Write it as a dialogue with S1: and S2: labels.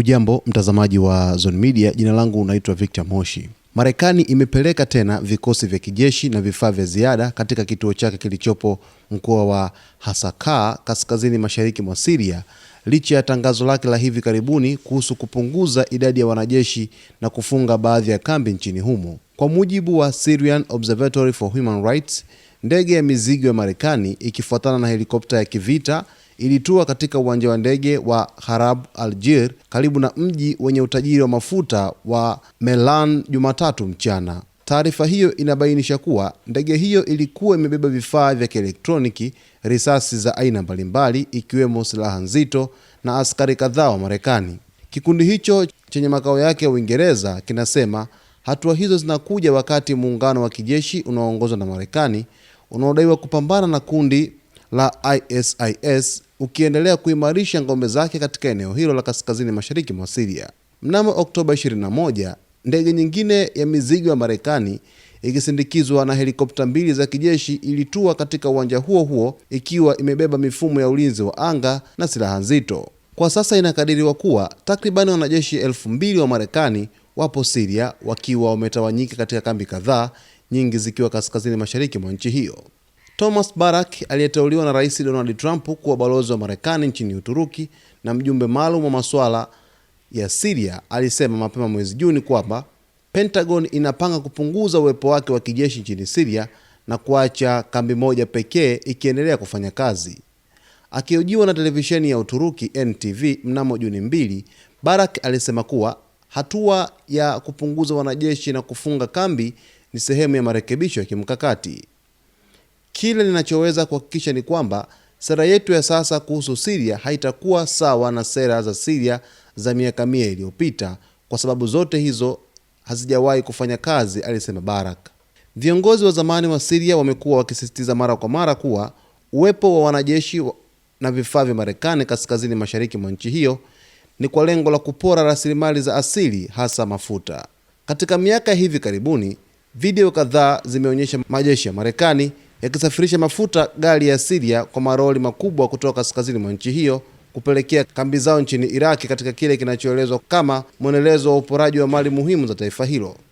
S1: Hujambo mtazamaji wa Zone Media, jina langu unaitwa Victor Moshi. Marekani imepeleka tena vikosi vya kijeshi na vifaa vya ziada katika kituo chake kilichopo mkoa wa Hasaka kaskazini mashariki mwa siria licha ya tangazo lake la hivi karibuni kuhusu kupunguza idadi ya wanajeshi na kufunga baadhi ya kambi nchini humo. Kwa mujibu wa Syrian Observatory for Human Rights, ndege ya mizigo ya Marekani ikifuatana na helikopta ya kivita ilitua katika uwanja wa ndege wa Harab Algir karibu na mji wenye utajiri wa mafuta wa Melan Jumatatu mchana. Taarifa hiyo inabainisha kuwa ndege hiyo ilikuwa imebeba vifaa vya kielektroniki, risasi za aina mbalimbali, ikiwemo silaha nzito na askari kadhaa wa Marekani. Kikundi hicho chenye makao yake ya Uingereza kinasema hatua hizo zinakuja wakati muungano wa kijeshi unaoongozwa na Marekani unaodaiwa kupambana na kundi la ISIS ukiendelea kuimarisha ngome zake katika eneo hilo la kaskazini mashariki mwa Syria. Mnamo Oktoba 21, ndege nyingine ya mizigo ya Marekani ikisindikizwa na helikopta mbili za kijeshi ilitua katika uwanja huo huo ikiwa imebeba mifumo ya ulinzi wa anga na silaha nzito. Kwa sasa inakadiriwa kuwa takribani wanajeshi elfu mbili wa Marekani wapo Syria wakiwa wametawanyika katika kambi kadhaa, nyingi zikiwa kaskazini mashariki mwa nchi hiyo. Thomas Barak aliyeteuliwa na Rais Donald Trump kuwa balozi wa Marekani nchini Uturuki na mjumbe maalum wa masuala ya siria alisema mapema mwezi Juni kwamba Pentagon inapanga kupunguza uwepo wake wa kijeshi nchini siria na kuacha kambi moja pekee ikiendelea kufanya kazi. Akihojiwa na televisheni ya Uturuki NTV mnamo Juni mbili, Barak alisema kuwa hatua ya kupunguza wanajeshi na kufunga kambi ni sehemu ya marekebisho ya kimkakati. Kile ninachoweza kuhakikisha ni kwamba sera yetu ya sasa kuhusu Syria haitakuwa sawa na sera za Syria za miaka mia iliyopita kwa sababu zote hizo hazijawahi kufanya kazi, alisema Barak. Viongozi wa zamani wa Syria wamekuwa wakisisitiza mara kwa mara kuwa uwepo wa wanajeshi na vifaa vya Marekani kaskazini mashariki mwa nchi hiyo ni kwa lengo la kupora rasilimali za asili hasa mafuta. Katika miaka hivi karibuni, video kadhaa zimeonyesha majeshi ya Marekani yakisafirisha mafuta gari ya Siria kwa maroli makubwa kutoka kaskazini mwa nchi hiyo kupelekea kambi zao nchini Iraki katika kile kinachoelezwa kama mwendelezo wa uporaji wa mali muhimu za taifa hilo.